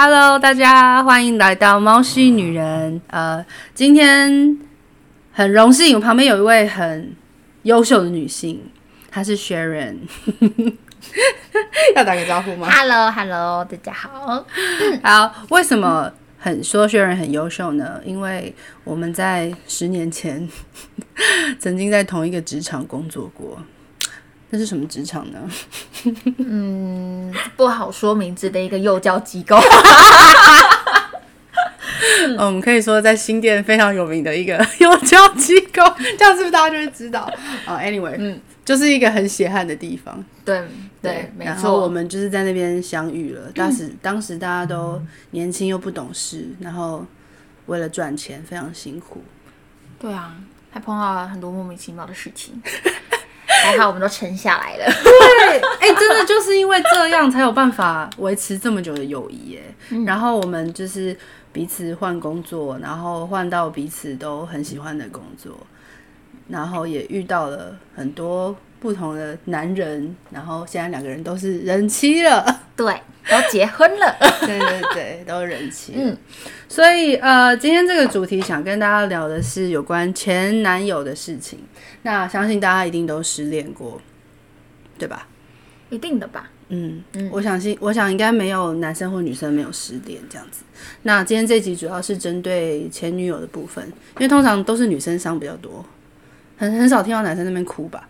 Hello，大家歡迎來到貓系女人。Oh. 呃，今天很榮幸，我旁邊有一位很優秀的女性，她是 Sharon 要打個招呼嗎？Hello，Hello，hello，大家好。好，為什麼很說 Sharon 很優秀呢？因為我們在十年前 曾經在同一個職場工作過。那是什麼職場呢？ 嗯，不好說名字的一個幼教機構。 嗯，我們、oh, 可以說在新店非常有名的一個幼教機構， 這樣是不是大家就會知道？Anyway，嗯，就是一個很血汗的地方。對對，沒錯。對然後我們就是在那邊相遇了，當時、嗯、當時大家都年輕又不懂事，然後為了賺錢非常辛苦。對啊，還碰到了很多莫名其妙的事情。 還好我們都撐下來了，對，哎， 欸、真的就是因為這樣才有辦法維持這麼久的友誼、欸，哎、嗯，然後我們就是彼此換工作，然後換到彼此都很喜歡的工作，然後也遇到了很多。不同的男人，然後現在兩個人都是人妻了，對，都結婚了， 對對對，都人妻。嗯，所以呃，今天這個主題想跟大家聊的是有關前男友的事情。那相信大家一定都失戀過，對吧？一定的吧。嗯嗯，嗯，我想，我想應該沒有男生或女生沒有失戀這樣子。那今天這集主要是針對前女友的部分，因為通常都是女生傷比較多，很很少聽到男生那邊哭吧。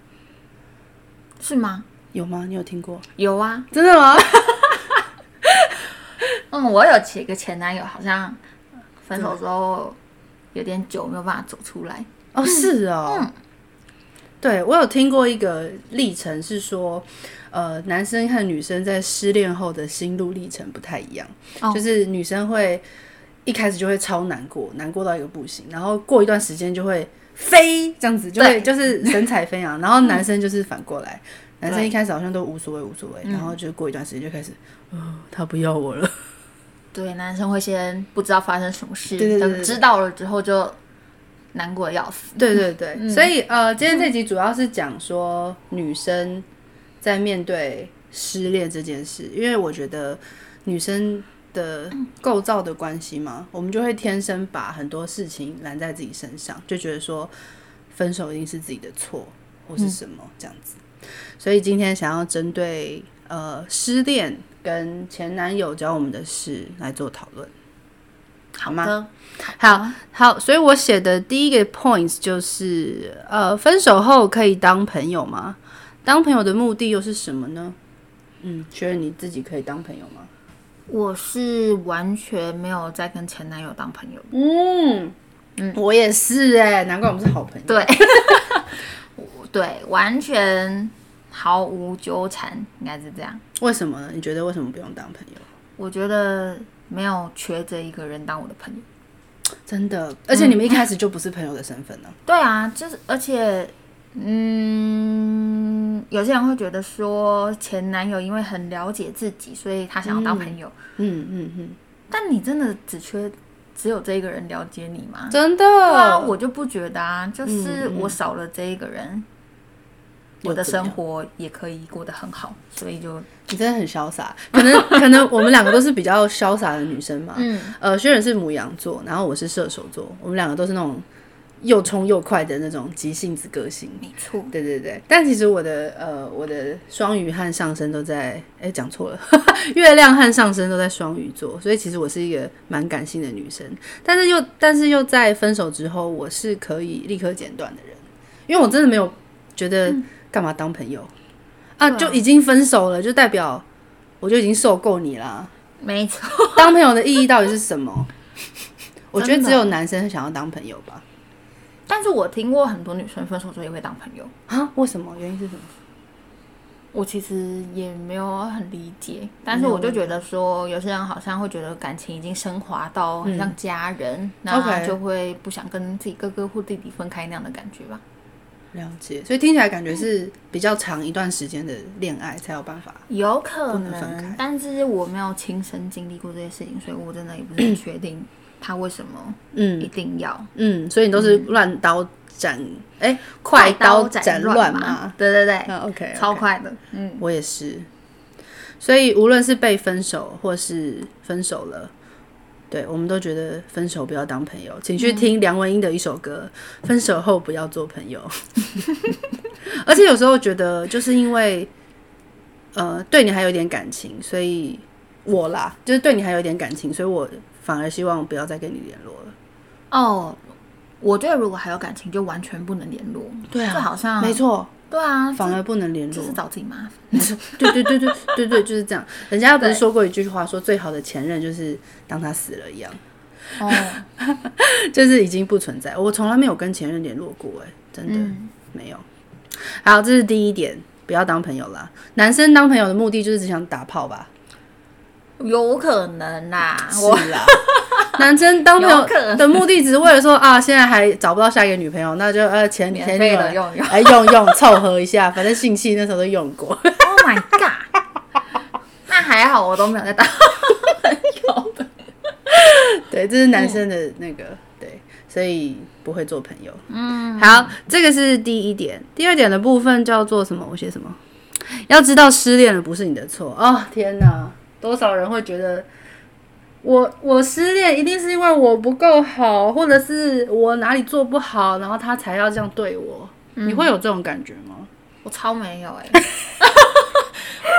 是嗎？有嗎？你有聽過？有啊，真的嗎？ 嗯，我有幾個前男友，好像分手之後有點久沒有辦法走出來。對嗯、哦，是哦。嗯、對，我有聽過一個歷程，是說，呃，男生和女生在失戀後的心路歷程不太一樣，哦、就是女生會一開始就會超難過，難過到一個不行，然後過一段時間就會飛這樣子就對，就是神采飛揚，然後男生就是反過來，男生一開始好像都無所謂無所謂，然後就過一段時間就開始，啊，他不要我了。對，男生會先不知道發生什麼事，等知道了之後就難過要死。對對對，對，嗯，所以呃，今天這集主要是講說女生在面對失戀這件事，因為我覺得女生的構造的關係嘛，我們就會天生把很多事情攬在自己身上，就覺得說分手一定是自己的錯或是什麼這樣子。嗯，所以今天想要針對呃失戀跟前男友教我們的事來做討論，好的，好嗎？好好，所以，我寫的第一個 points 就是呃，分手後可以當朋友嗎？當朋友的目的又是什麼呢？嗯，覺得你自己可以當朋友嗎？我是完全沒有在跟前男友當朋友。嗯，嗯我也是哎、欸，難怪我們是好朋友。對， 對，完全毫無糾纏，應該是這樣。為什麼呢？你覺得為什麼不用當朋友？我覺得沒有缺着一個人當我的朋友。真的，而且你們一開始就不是朋友的身份呢、啊嗯嗯？對啊，就是而且。嗯，有些人會覺得說，前男友因為很了解自己，所以他想要當朋友。嗯嗯嗯。嗯嗯嗯，但你真的只缺只有這一個人了解你嗎？真的？對啊，我就不覺得啊。就是我少了這一個人，嗯嗯、我的生活也可以過得很好。所以就你真的很瀟灑。可能可能我們兩個都是比較瀟灑的女生嘛。嗯。呃，雖然是牡羊座，然後我是射手座，我們兩個都是那種。又衝又快的那種急性子個性，沒錯，對對對。但其實我的呃，我的雙魚和上升都在，哎，講錯了，月亮和上升都在雙魚座，所以其實我是一個蠻感性的女生。但是又但是又在分手之後，我是可以立刻剪斷的人，因為我真的沒有覺得幹嘛當朋友啊，就已經分手了，就代表我就已經受夠你啦。沒錯，當朋友的意義到底是什麼？我覺得只有男生想要當朋友吧。但是我聽過很多女生分手之後也會當朋友啊？為什麼？原因是什麼？我其實也沒有很理解，但是我就覺得說，有些人好像會覺得感情已經升華到很像家人，然後、嗯、就會不想跟自己哥哥或弟弟分開那樣的感覺吧。了解，所以聽起來感覺是比較長一段時間的戀愛才有辦法分開。有可能，但是我沒有親身經歷過這些事情，所以我真的也不是很確定。 他為什麼？嗯，一定要，嗯，所以你都是亂刀斬，哎、嗯、欸，快刀斬亂麻。對對對、嗯、OK，, okay. 超快的，嗯，我也是。所以無論是被分手或是分手了，對，我們都覺得分手不要當朋友，請去聽梁文音的一首歌《分手後不要做朋友》嗯。 而且有時候覺得就是因為，呃，對你還有一點感情，所以我啦，就是對你還有一點感情，所以我。反而希望我不要再跟你聯絡了。哦，oh, 我覺得如果還有感情，就完全不能聯絡。對啊，好像、啊、沒錯錯。對啊，反而不能聯絡，是，是找自己麻煩。 對，對對對對對對，就是這樣。人家不是說過一句話說，說對最好的前任就是當他死了一樣。哦，oh. 就是已經不存在。我從來沒有跟前任聯絡過、欸，哎，真的、嗯、沒有。好，這是第一點，不要當朋友啦。男生當朋友的目的就是只想打炮吧。有可能啦，是啦，男生當朋友的目的只是為了說啊，現在還找不到下一個女朋友，那就呃前前女友來用用湊合一下，反正性器那時候都用過。Oh my god！那還好我都沒有在當朋友。對，這是男生的那個對，所以不會做朋友。嗯，好，這個是第一點，第二點的部分叫做什麼？我寫什麼？要知道失戀了不是你的錯。哦天哪！多少人會覺得我我失戀一定是因為我不夠好，或者是我哪裡做不好，然後他才要這樣對我？嗯、你會有這種感覺嗎？我超沒有哎、欸，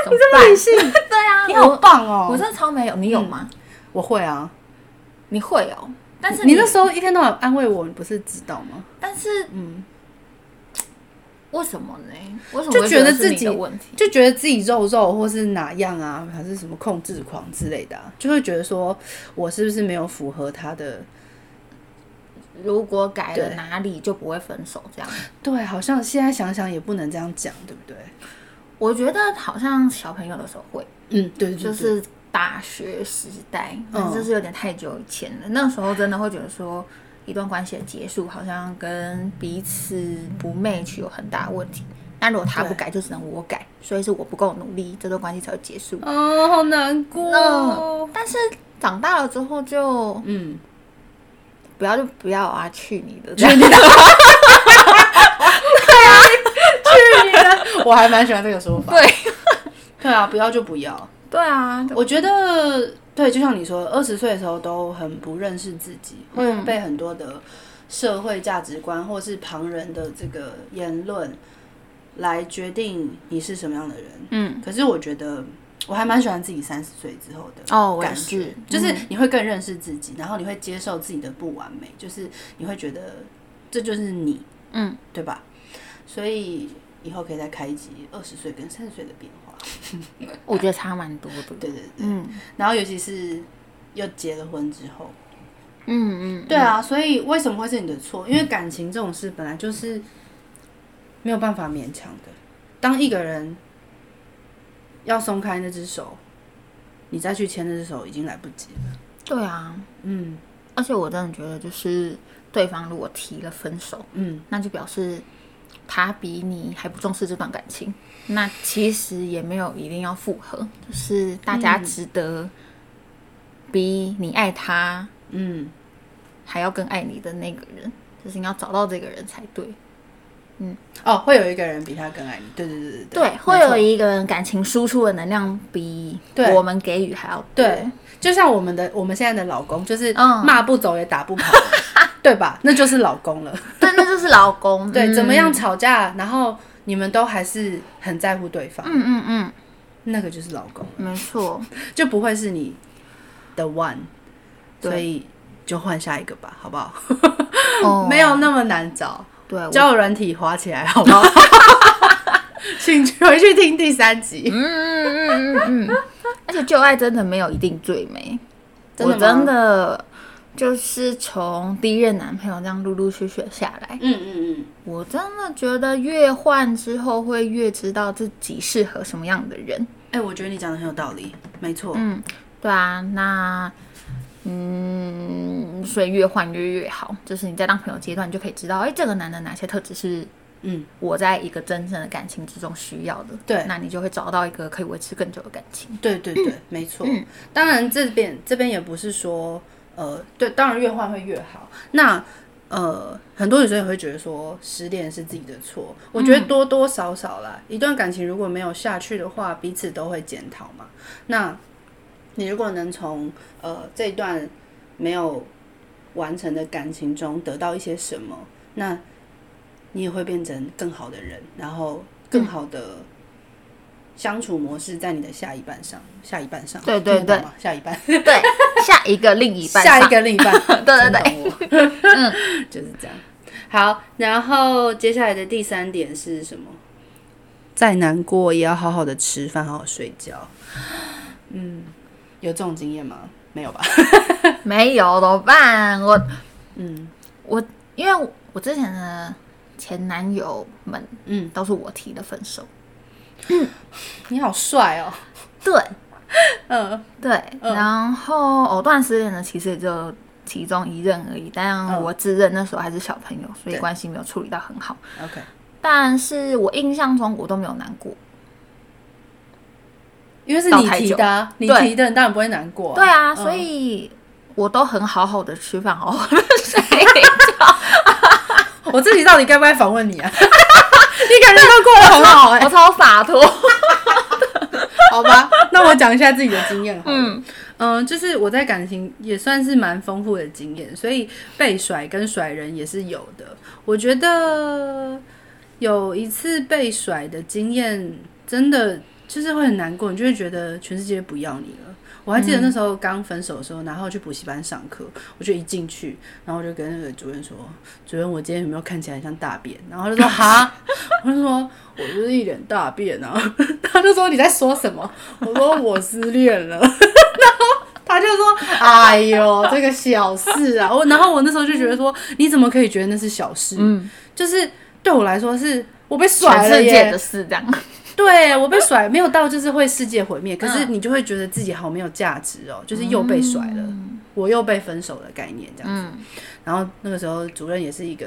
你這麼理性， 對啊，你好棒哦、喔！我真的超沒有，你有嗎？嗯、我會啊，你會哦、喔，但是你，你那時候一天到晚安慰我，你不是知道嗎？但是，嗯。為什麼呢？為什麼會覺得自己有問題，就覺得自己肉肉，或是哪樣啊，還是什麼控制狂之類的啊，就會覺得說我是不是沒有符合他的？如果改了哪裡就不會分手這樣子。對，好像現在想想也不能這樣講，對不對？我覺得好像小朋友的時候會，嗯，對，對，就是大學時代，嗯，但是就是有點太久以前了。哦，那時候真的會覺得說。一段關係的結束，好像跟彼此不 match 有很大問題。但如果他不改，就只能我改，對所以是我不夠努力，這段關係才會結束。哦，好難過哦。但是長大了之後就，嗯，不要就不要啊！去你的，去你的！對啊，去你的！我還蠻喜歡這個說法。對， 對啊，不要就不要。對啊，我覺得。對，就像你說的，二十歲的時候都很不認識自己，嗯、會被很多的社會價值觀或是旁人的這個言論來決定你是什麼樣的人。嗯，可是我覺得我還蠻喜歡自己三十歲之後的哦感覺，哦、我也是就是你會更認識自己，嗯、然後你會接受自己的不完美，就是你會覺得這就是你，嗯，對吧？所以以後可以再開一集二十歲跟三十歲的變化。 我覺得差蠻多的，哎、對對對，嗯，然後尤其是又結了婚之後，嗯嗯，嗯，對啊，所以為什麼會是你的錯？因為感情這種事本來就是沒有辦法勉強的。當一個人要鬆開那只手，你再去牽那只手已經來不及了。對啊，嗯，而且我真的覺得，就是對方如果提了分手，嗯，那就表示他比你還不重視這段感情。那其實也沒有一定要復合，就是大家值得比你愛他，嗯，還要更愛你的那個人，就是你要找到這個人才對。嗯，哦，會有一個人比他更愛你，對對對對對，沒錯，會有一個人感情輸出的能量比我們給予還要多，對，就像我們的我們現在的老公，就是罵不走也打不跑，嗯、 對吧？那就是老公了，對，那就是老公。 對，嗯、怎麼樣吵架，然後。你們都還是很在乎對方，嗯嗯嗯，嗯嗯那個就是老公，沒錯錯，就不會是你的 one，對所以就換下一個吧，好不好？Oh, 沒有那麼難找，對，交友軟體滑起來，好不好？我 請回去聽第三集，嗯嗯嗯嗯嗯，嗯嗯而且舊愛真的沒有一定最美，真的我真的。就是從第一任男朋友這樣陸陸續續下來，嗯嗯嗯，嗯嗯我真的覺得越換之後會越知道自己適合什麼樣的人。哎、欸，我覺得你講的很有道理，沒錯，嗯，對啊，那嗯，所以越換越越好，就是你在當朋友階段你就可以知道，哎、欸，這個男的哪些特質是嗯我在一個真正的感情之中需要的，對、嗯，那你就會找到一個可以維持更久的感情。對對對，沒錯，當然這邊這邊也不是說。呃，對，當然越換會越好。那呃，很多女生也會覺得說，失戀是自己的錯。嗯、我覺得多多少少啦，一段感情如果沒有下去的話，彼此都會檢討嘛。那你如果能從呃這一段沒有完成的感情中得到一些什麼，那你也會變成更好的人，然後更好的、嗯。相處模式在你的下一半上，下一半上。對對對，下一半。對，下一個另一半。下一個另一半。對對對。嗯，就是這樣。好，然後接下來的第三點是什麼？再難過也要好好的吃飯，好好睡覺。嗯，有這種經驗嗎？沒有吧？ 沒有，怎麼辦？我，嗯，嗯，我，因為我，我之前的前男友們，嗯，都是我提的分手。嗯，你好帥哦。對，嗯，對。嗯、然後藕、哦、藕斷絲連呢，其實也就其中一任而已。但我自認那時候還是小朋友，所以關係沒有處理到很好。OK，但是我印象中我都沒有難過，因為是你提的、啊，你提的當然不會難過。對啊，所以我都很好好的吃飯哦。 我自己到底該不該訪問你啊？你感覺都過得很好哎、欸，我超灑脫。 好吧， 那我講一下自己的經驗。嗯嗯，就是我在感情也算是蠻豐富的經驗，所以被甩跟甩人也是有的。我覺得有一次被甩的經驗真的。就是會很難過，你就會覺得全世界不要你了。我還記得那時候剛分手的時候，然後去補習班上課，我就一進去，然後我就跟那個主任說：“主任，我今天有沒有看起來像大便？”然後他就說：“哈蛤。”我就說：“我就是一臉大便啊。”他就說：“你在說什麼？”我說：“我失戀了。 ”然後他就說：“哎呦，這個小事啊。”我我然後我那時候就覺得說：“你怎麼可以覺得那是小事？”嗯，就是對我來說是，我被甩了耶這件事這樣。對，我被甩沒有到就是會世界毀滅，可是你就會覺得自己好沒有價值哦、喔，嗯、就是又被甩了，嗯、我又被分手的概念這樣子。嗯、然後那個時候主任也是一個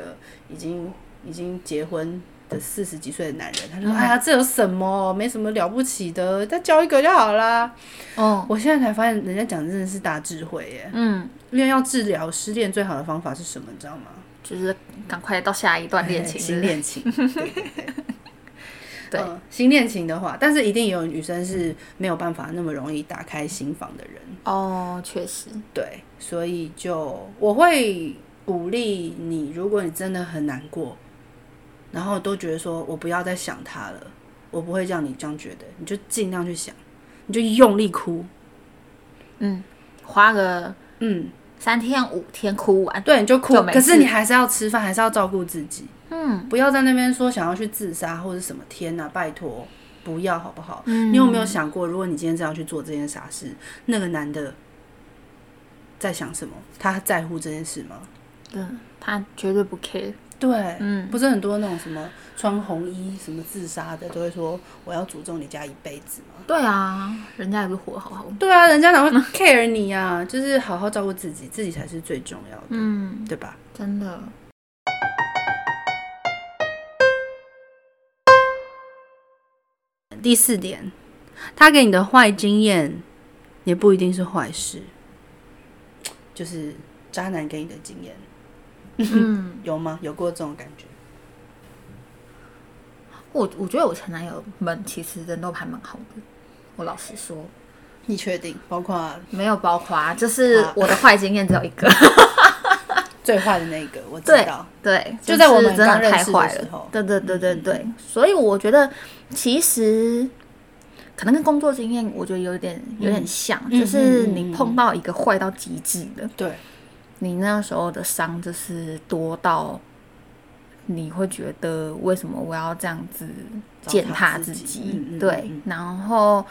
已經已經結婚的四十幾歲的男人，他說：“嗯、哎呀，這有什麼？沒什麼了不起的，再交一個就好了。嗯”哦，我現在才發現人家講的真的是大智慧耶、欸。嗯，因為要治療失戀最好的方法是什麼？你知道嗎？就是趕快到下一段戀情、欸欸，新戀情。 對，呃、新戀情的話，但是一定有女生是沒有辦法那麼容易打開心房的人哦，確實，對，所以就我會鼓勵你，如果你真的很難過，然後都覺得說我不要再想他了，我不會讓你這樣覺得，你就盡量去想，你就用力哭，嗯，花個嗯三天五天哭完，嗯、對，你就哭，就可是你還是要吃飯，還是要照顧自己。嗯，不要在那邊說想要去自殺或者什麼。天吶，啊，拜托，不要好不好？嗯，你有沒有想過，如果你今天這樣去做這件傻事，那個男的在想什麼？他在乎這件事嗎？嗯，他絕對不 care。對，嗯，不是很多那種什麼穿紅衣什麼自殺的，都會說我要詛咒你家一輩子嗎？對啊，人家也不活好好。對啊，人家哪會 care 你啊。 就是好好照顧自己，自己才是最重要的。嗯，對吧？真的。第四點，他給你的壞經驗也不一定是壞事，就是渣男給你的經驗，嗯哼，有嗎？有過這種感覺？我我覺得我前男友們其實人都還蠻好的，我老實說，你確定？包括沒有包括啊？就是我的壞經驗只有一個。好 最壞的那個，我知道，對，就在我們真的太壞了，對，對，對，對，對，對，對，對，對，所以我覺得其實可能跟工作經驗，我覺得有點有點像，就是你碰到一個壞到極致的，對、嗯嗯嗯嗯，你那時候的傷就是多到你會覺得為什麼我要這樣子踐踏自己？對，然後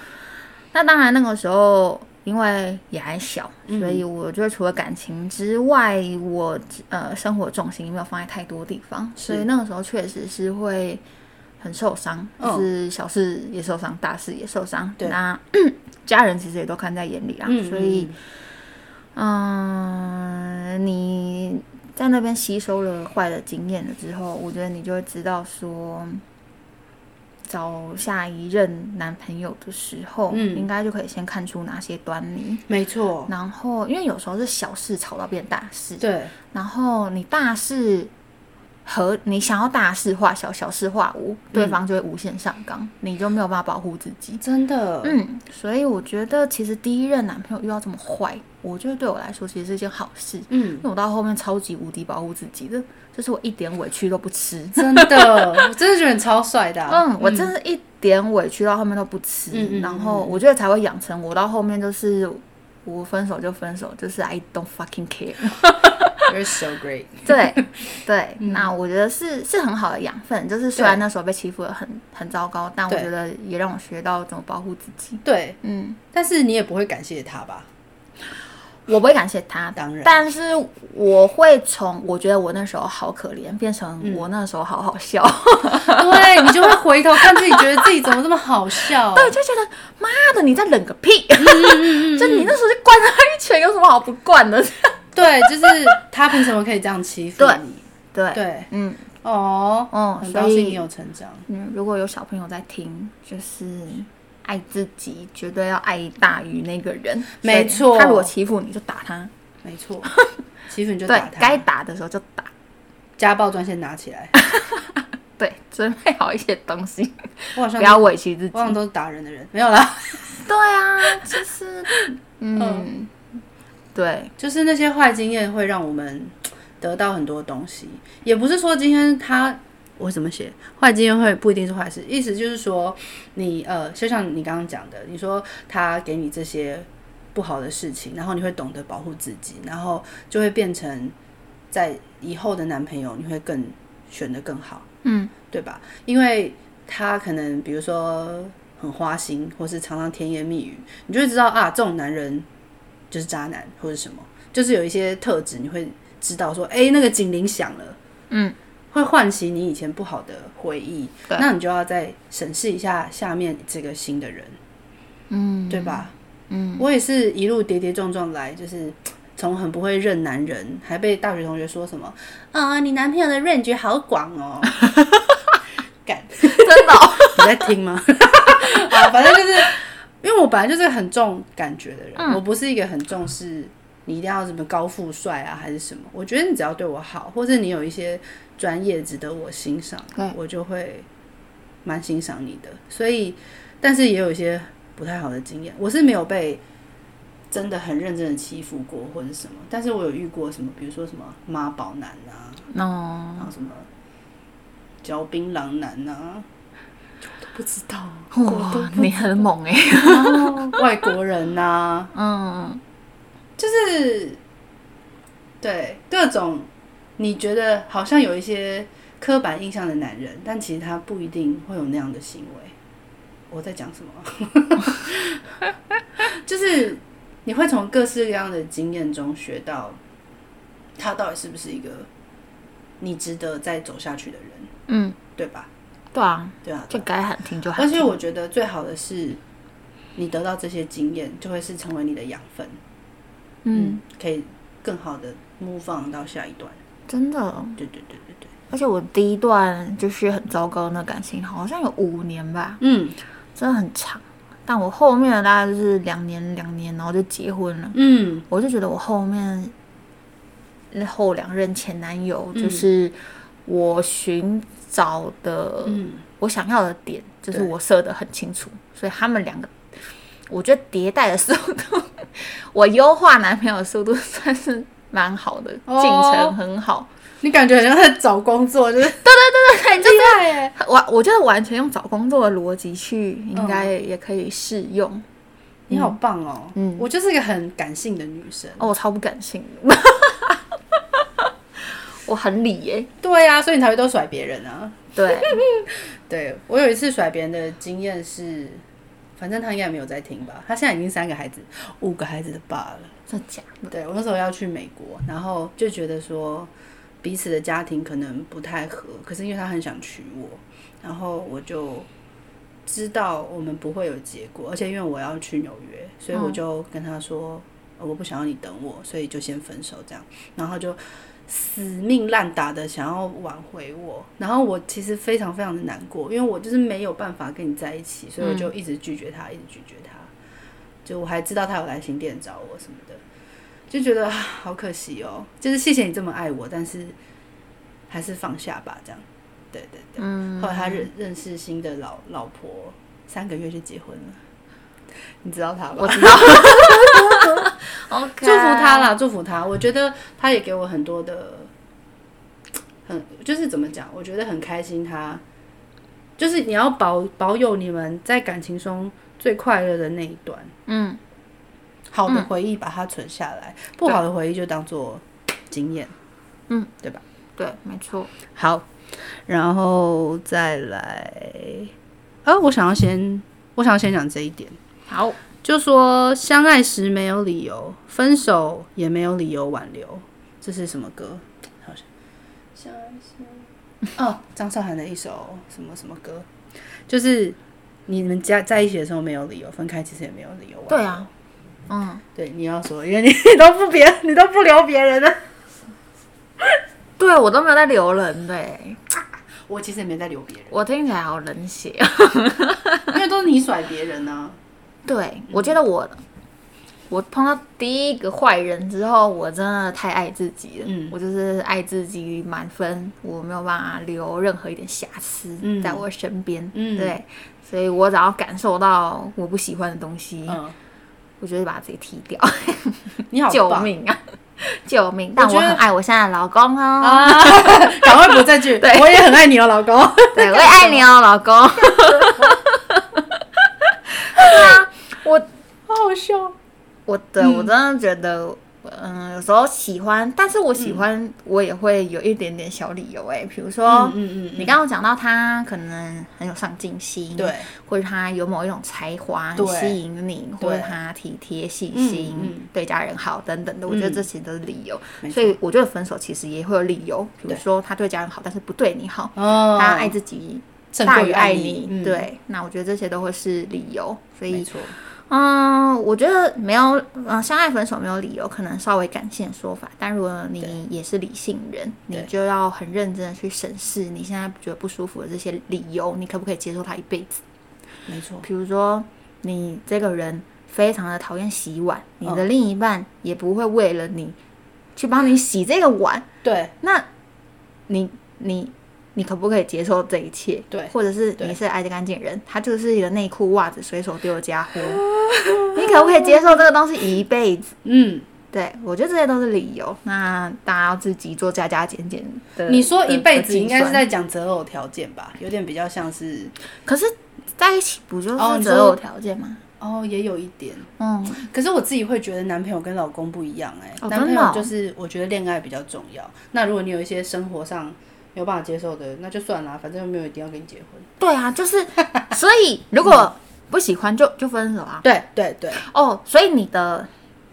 那當然那個時候。因為也還小，所以我覺得除了感情之外，嗯、我呃生活重心也沒有放在太多地方，是所以那個時候確實是會很受傷，哦、是小事也受傷，大事也受傷。對那 家人其實也都看在眼裡啊。嗯嗯所以，嗯、呃，你在那邊吸收了壞的經驗了之後，我覺得你就會知道說。找下一任男朋友的時候，嗯，應該就可以先看出哪些端倪。沒錯，然後因為有時候是小事吵到變大事，對。然後你大事和你想要大事化小、小事化無，對方就會無限上綱，嗯、你就沒有辦法保護自己。真的，嗯，所以我覺得其實第一任男朋友遇到這麼壞。我覺得對我來說其實是一件好事，嗯，那我到後面超級無敵保護自己的，就是我一點委屈都不吃，真的， 我真的覺得你超帥的啊，嗯，嗯，我真的一點委屈到後面都不吃，嗯嗯嗯嗯，然後我覺得才會養成我，我到後面就是我分手就分手，就是 I don't fucking care，You're so great，對對，對嗯，那我覺得是是很好的養分，就是雖然那時候被欺負的很很糟糕，但我覺得也讓我學到怎麼保護自己，對，嗯，但是你也不會感謝他吧？我不會感謝他，當然。但是我會從我覺得我那時候好可憐，變成我那時候好好笑。嗯、 對，你就會回頭看自己，覺得自己怎麼這麼好笑？ 對，就覺得媽的，你在冷個屁！嗯嗯嗯 就你那時候就灌他一拳，有什麼好不灌的？對，就是他憑什麼可以這樣欺負你？對對，對嗯哦哦，很高興你有成長。嗯，如果有小朋友在聽，就是。愛自己，絕對要愛大於那個人。沒錯錯，他如果欺負你就打他。沒錯，欺負你就打他。 對，該打的時候就打。家暴專線拿起來。 對，準備好一些東西。不要委屈自己。往往都是打人的人。沒有啦。 對啊，就是 嗯，嗯對，就是那些壞經驗會讓我們得到很多東西。也不是說今天他。我怎麼寫？壞經驗會不一定是壞事，意思就是說，你呃，就像你剛剛講的，你說他給你這些不好的事情，然後你會懂得保護自己，然後就會變成在以後的男朋友你會更選得更好，嗯，對吧？因為他可能比如說很花心，或是常常甜言蜜語，你就會知道啊，這種男人就是渣男或者什麼，就是有一些特質你會知道說，哎、欸，那個警鈴響了，嗯。會喚起你以前不好的回憶，對那你就要再審視一下下面這個新的人，嗯，對吧？嗯，我也是一路跌跌撞撞來，就是從很不會認男人，還被大學同學說什麼啊、哦，你男朋友的認 a 好廣哦，感 幹真的、哦、 你在聽嗎？啊、 呃，反正就是因為我本來就是很重感覺的人，嗯、我不是一個很重視。你一定要什麼高富帥啊，還是什麼？我覺得你只要對我好，或者你有一些專業值得我欣賞，嗯、我就會蠻欣賞你的。所以，但是也有一些不太好的經驗，我是沒有被真的很認真的欺負過，或者什麼。但是我有遇過什麼，比如說什麼媽寶男啊，哦、嗯，然後什麼嚼檳榔男啊，我都不知道。哇，我你很猛哎、欸啊，外國人啊，嗯。就是對各種你覺得好像有一些刻板印象的男人，但其實他不一定會有那樣的行為。我在講什麼？ 就是你會從各式各樣的經驗中學到他到底是不是一個你值得再走下去的人，嗯，對吧？對啊，對啊，就該喊停就好聽。而且我覺得最好的是你得到這些經驗，就會是成為你的養分。嗯，可以更好的模仿到下一段，真的，對對對對對。而且我第一段就是很糟糕的那感情，好像有五年吧，嗯，真的很長。但我後面大概就是兩年兩年，然後就結婚了，嗯，我就覺得我後面那後兩任前男友就是我尋找的、嗯、我想要的點，就是我設得很清楚，對所以他們兩個，我覺得迭代的時候都。我優化男朋友的速度算是蠻好的，進、哦、程很好。你感覺好像在找工作，就是對 對對對對，很厲害耶。就是我，我就是完全用找工作的邏輯去，應該也可以適用。嗯嗯、你好棒哦，嗯，我就是一個很感性的女生。哦，我超不感性的， 我很理耶、欸。對啊，所以你才會都甩別人啊。對， 對我有一次甩別人的經驗是反正他應該沒有在聽吧，他現在已經三個孩子，五個孩子的爸了，真假的？對，我那時候要去美國，然後就覺得說彼此的家庭可能不太合，可是因為他很想娶我，然後我就知道我們不會有結果，而且因為我要去紐約，所以我就跟他說、嗯哦、我不想要你等我，所以就先分手這樣，然後就。死命爛打的想要挽回我，然後我其實非常非常的難過，因為我就是沒有辦法跟你在一起，所以我就一直拒絕他，一直拒絕他。就我還知道他有來新店找我什麼的，就覺得好可惜哦。就是謝謝你這麼愛我，但是還是放下吧，這樣。對對對，嗯，後來他認認識新的老老婆，三個月就結婚了。你知道他吧？我知道。 他啦，祝福他。我覺得他也給我很多的，很就是怎麼講？我覺得很開心他。他就是你要保保有你們在感情中最快樂的那一段，嗯，好的回憶把它存下來，嗯、不好的回憶就當做經驗，嗯，對吧？對，沒錯。好，然後再來、哦，我想要先，我想要先講這一點。好。就說相愛時沒有理由，分手也沒有理由挽留，這是什麼歌？好像哦，張韶涵的一首什麼什麼歌？就是你們家在一起的時候沒有理由，分開其實也沒有理由挽留。對啊，嗯，對，你要說，因為你都不別，你都不留別人。對，我都沒有在留人。對，我其實也沒在留別人，我聽起來好冷血啊， 因為都是你甩別人呢、啊。對，我覺得我、嗯、我碰到第一個壞人之後，我真的太愛自己了。嗯、我就是愛自己滿分，我沒有辦法留任何一點瑕疵在我身邊。嗯，對，所以我只要感受到我不喜歡的東西，嗯、我就會把自己踢掉。嗯、 你好，救命啊！ 救命！但我很愛我現在的老公哦。趕、啊、 快補這句。對， 我也很愛你哦，老公。 對我也愛你哦， 老公。 笑，我的我真的覺得，嗯，有時候喜歡，但是我喜歡我也會有一點點小理由哎，比如說，嗯嗯，你剛剛講到他可能很有上進心，對，或者他有某一種才華很吸引你，或者他體貼細心，對家人好等等的，我覺得這些都是理由，所以我覺得分手其實也會有理由，比如說他對家人好，但是不對你好，他愛自己大於愛你，對，那我覺得這些都會是理由，所以說。嗯，我覺得沒有，嗯，相愛分手沒有理由，可能稍微感性說法。但如果你也是理性人，對你就要很認真的去審視你現在覺得不舒服的這些理由，你可不可以接受他一輩子？沒錯錯。比如說，你這個人非常的討厭洗碗，你的另一半也不會為了你去幫你洗這個碗。嗯、對，那你，你你。你可不可以接受這一切？對，或者是你是愛的乾淨人，他就是一個內褲襪子隨手丟的家伙，你可不可以接受這個東西一輩子？嗯，對，我覺得這些都是理由。那大家要自己做加加減減。你說一輩子應該是在講擇偶條件吧？有點比較像是，可是在一起不就是擇偶條件嗎？哦，也有一點，嗯。可是我自己會覺得男朋友跟老公不一樣，哎，男朋友就是我覺得戀愛比較重要。那如果你有一些生活上，有辦法接受的，那就算了，反正又沒有一定要跟你結婚。對啊，就是，所以如果不喜歡就就分手啊。對對對，哦，所以你的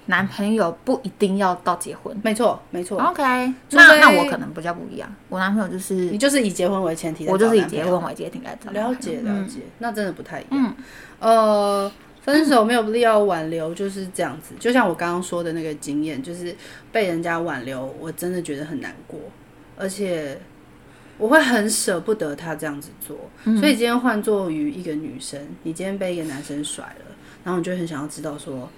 男朋友不一定要到結婚，沒錯沒錯。OK，那那我可能比較不一樣，我男朋友就是你就是以結婚為前提，我就是以結婚為前提來找。了解了解，那真的不太一樣。呃，分手沒有必要挽留，就是這樣子。就像我剛剛說的那個經驗，就是被人家挽留，我真的覺得很難過，而且。我會很舍不得他這樣子做，所以今天換作於一個女生，你今天被一個男生甩了，然後你就很想要知道說，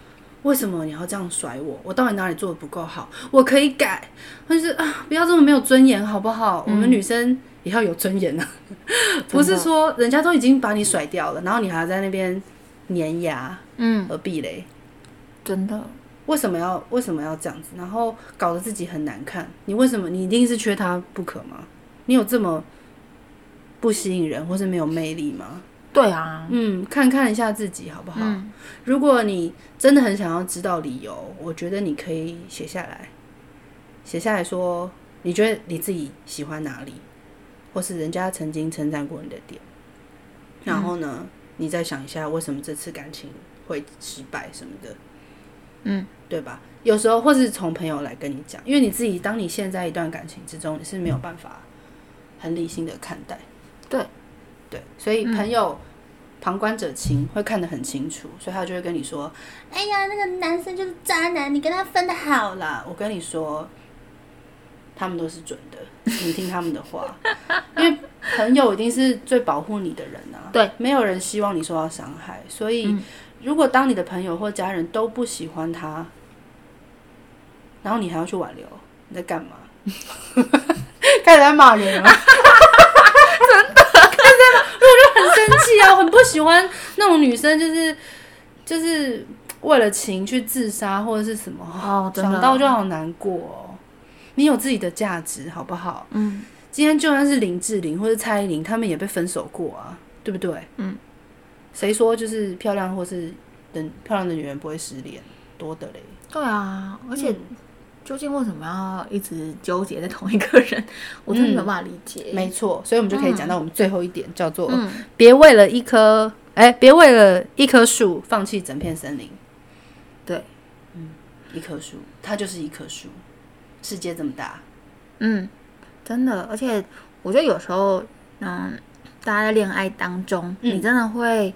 為什麼你要這樣甩我？我到底哪裡做得不夠好？我可以改，但是啊，不要這麼沒有尊嚴好不好？嗯、我們女生也要有尊嚴啊， 不是說人家都已經把你甩掉了，然後你還在那邊粘牙壁壘，嗯，和避雷，真的，為什麼要為什麼要這樣子？然後搞得自己很難看，你為什麼？你一定是缺他不可嗎？你有這麼不吸引人，或是沒有魅力嗎？對啊，嗯，看看一下自己好不好？嗯、如果你真的很想要知道理由，我覺得你可以寫下來，寫下來說你覺得你自己喜歡哪裡，或是人家曾經稱讚過你的點，然後呢，嗯、你再想一下為什麼這次感情會失敗什麼的，嗯，對吧？有時候或是從朋友來跟你講，因為你自己當你陷在一段感情之中，你是沒有辦法。嗯很理性的看待，對，對，所以朋友旁觀者清，嗯、會看得很清楚，所以他就會跟你說：“哎呀，那個男生就是渣男，你跟他分得好啦。”我跟你說，他們都是準的，你聽他們的話， 因為朋友一定是最保護你的人啊。對，沒有人希望你受到傷害，所以、嗯、如果當你的朋友或家人都不喜歡他，然後你還要去挽留，你在幹嘛？ 再來罵人了， 真的？ 但是，我就很生氣啊，我很不喜歡那種女生，就是就是為了情去自殺或者是什麼，哦、對想到就好難過、哦。你有自己的價值，好不好？嗯，今天就算是林志玲或是蔡依林，他們也被分手過啊，對不對？嗯，誰說就是漂亮或是等漂亮的女人不會失戀，多的嘞？對啊，而且、嗯。究竟為什麼要一直糾結在同一個人？我真的沒辦法理解。嗯、沒錯，所以我們就可以講到我們最後一點，嗯、叫做別為了一棵哎，別、欸、為了一棵樹放棄整片森林。對，嗯，一棵樹它就是一棵樹，世界這麼大，嗯，真的。而且我覺得有時候，嗯，大家在戀愛當中，嗯、你真的會。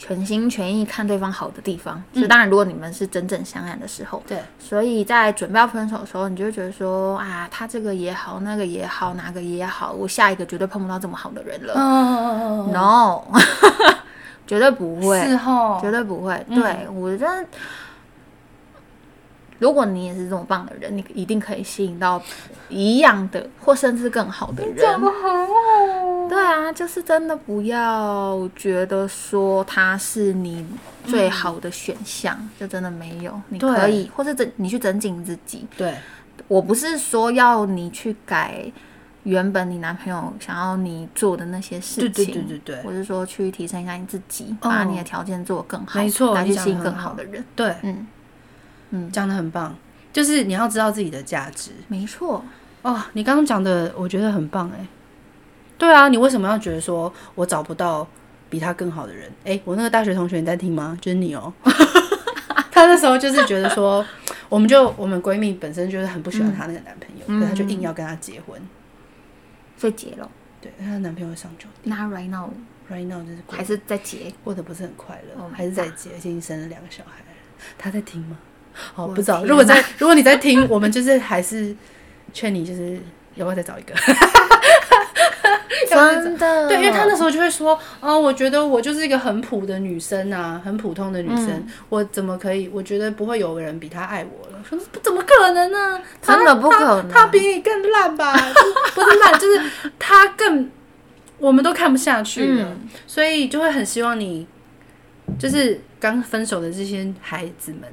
全心全意看對方好的地方，就、嗯、當然，如果你們是真正相愛的時候，對，所以在準備要分手的時候，你就覺得說啊，他這個也好，那個也好，哪個也好，我下一個絕對碰不到這麼好的人了。嗯 No 絕對不會，哦、絕對不會。嗯、對，我覺得，如果你也是這麼棒的人，你一定可以吸引到一樣的，或甚至更好的人。很對啊，就是真的不要覺得說他是你最好的選項，就真的沒有你可以，或者增你去增進自己。對，我不是說要你去改原本你男朋友想要你做的那些事情，對對對對，我是說去提升一下你自己，把你的條件做更好，吸引更好的人。對，嗯嗯，講得很棒，就是你要知道自己的價值。沒錯哦，你剛剛講的我覺得很棒哎。對啊，你為什麼要覺得說我找不到比他更好的人？哎，我那個大學同學你在聽嗎？就是你哦。 他那時候就是覺得說，我們就我們閨蜜本身就是很不喜歡他那個男朋友，以、嗯、他就硬要跟他結婚，就結了。對，他的男朋友會上酒店。那 right now，right now 就是還是在結，過得不是很快樂，oh、還是在結，已經生了兩個小孩。他在聽嗎？哦，我 不知道。聽如果在， 如果你在聽，我們就是還是勸你，就是要不要再找一個。 真的對，因為他那時候就會說：“哦、呃、我覺得我就是一個很普的女生啊，很普通的女生，嗯、我怎麼可以？我覺得不會有個人比他愛我了。”“怎麼可能呢、啊？他真的不可能，他，他比你更爛吧？ 不是爛，就是他更，我們都看不下去了，嗯、所以就會很希望你，就是剛分手的這些孩子們，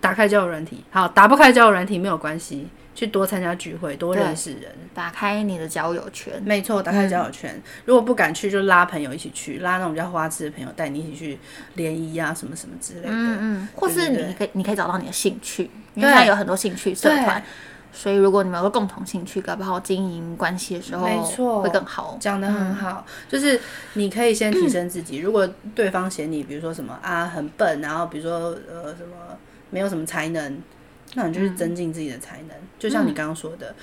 打開交友軟體，好，打不開交友軟體沒有關係。”去多參加聚會，多認識人，打開你的交友圈。沒錯，打開交友圈。嗯、如果不敢去，就拉朋友一起去，拉那種比較花痴的朋友帶你一起去聯誼啊，什麼什麼之類的。嗯，嗯或是你可以對你可以找到你的興趣，對因為他有很多興趣社團，對所以如果你們有個共同興趣，搞不好經營關係的時候，嗯、沒錯，會更好。講得很好，嗯、就是你可以先提升自己。嗯、如果對方嫌你，比如說什麼啊，很笨，然後比如說呃，什麼沒有什麼才能。那你就是增進自己的才能，就像你剛剛說的，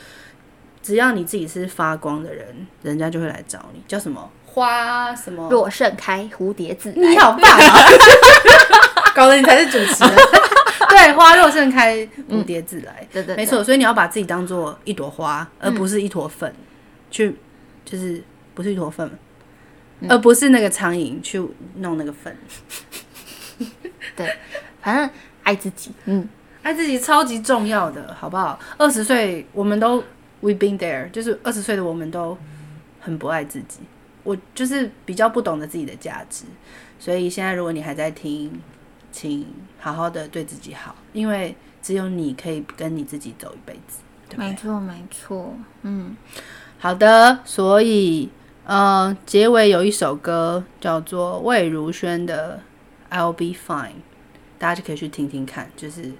只要你自己是發光的人，人家就會來找你。叫什麼花？什麼若盛開，蝴蝶自來。你好棒！搞得你才是主持人。對，花若盛開，蝴蝶自來。對對，沒錯。所以你要把自己當做一朵花，而不是一坨糞去，就是不是一坨糞，而不是那個蒼蠅去弄那個粉。對，反正愛自己。嗯。愛自己超級重要的，好不好？二十歲，我們都 we've been there，就是二十歲的我們都很不愛自己，我就是比較不懂得自己的價值，所以現在如果你還在聽，請好好的對自己好，因為只有你可以跟你自己走一輩子。對，對，沒錯，沒錯，嗯，好的，所以呃，結尾有一首歌叫做魏如萱的 I'll be fine，大家就可以去聽聽看，就是。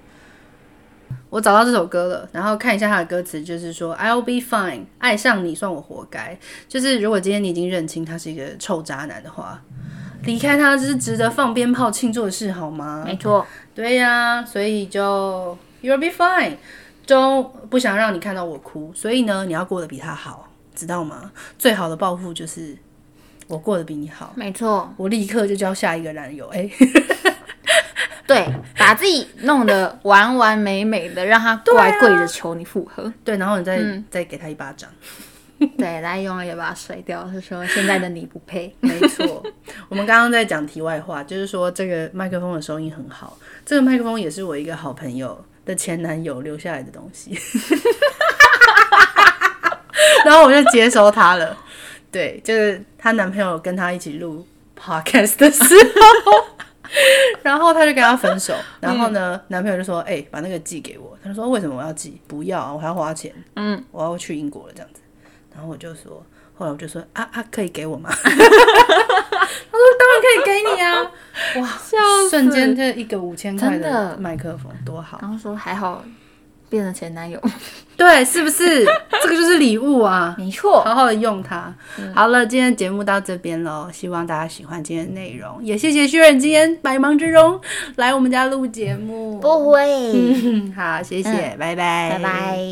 我找到這首歌了，然後看一下他的歌詞，就是說 I'll be fine，愛上你算我活該。就是如果今天你已經認清他是一個臭渣男的話，離開他這是值得放鞭炮慶祝的事，好嗎？沒錯，對呀、啊，所以就 You'll be fine，就不想讓你看到我哭，所以呢，你要過得比他好，知道嗎？最好的報復就是我過得比你好，沒錯，我立刻就交下一個男友。哎、欸。 對，把自己弄得完完美美的，讓他乖跪着求你復合。對，啊、對，然後你再、嗯、再給他一巴掌。對，來用了也把他甩掉。是說現在的你不配。沒錯， 我們剛剛在講題外話，就是說這個麥克風的收音很好。這個麥克風也是我一個好朋友的前男友留下來的東西， 然後我就接收他了。對，就是她男朋友跟她一起錄 podcast 的時候。 然後他就跟他分手，然後呢，嗯、男朋友就說：“哎、欸，把那個寄給我。”他就說：“為什麼我要寄？不要，我還要花錢。嗯，我要去英國了這樣子。”然後我就說：“後來我就說啊啊，可以給我嗎？” 他說：“當然可以給你啊！” 哇，笑死，瞬間這一個五千塊的麥克風多好。然後說還好。變成前男友， 對，是不是？這個就是禮物啊， 沒錯錯，好好的用它。嗯、好了，今天節目到這邊嘍，希望大家喜歡今天的內容，也謝謝 Sharon，今天百忙之中來我們家錄節目。不會、嗯，好，謝謝，嗯、拜拜，拜拜。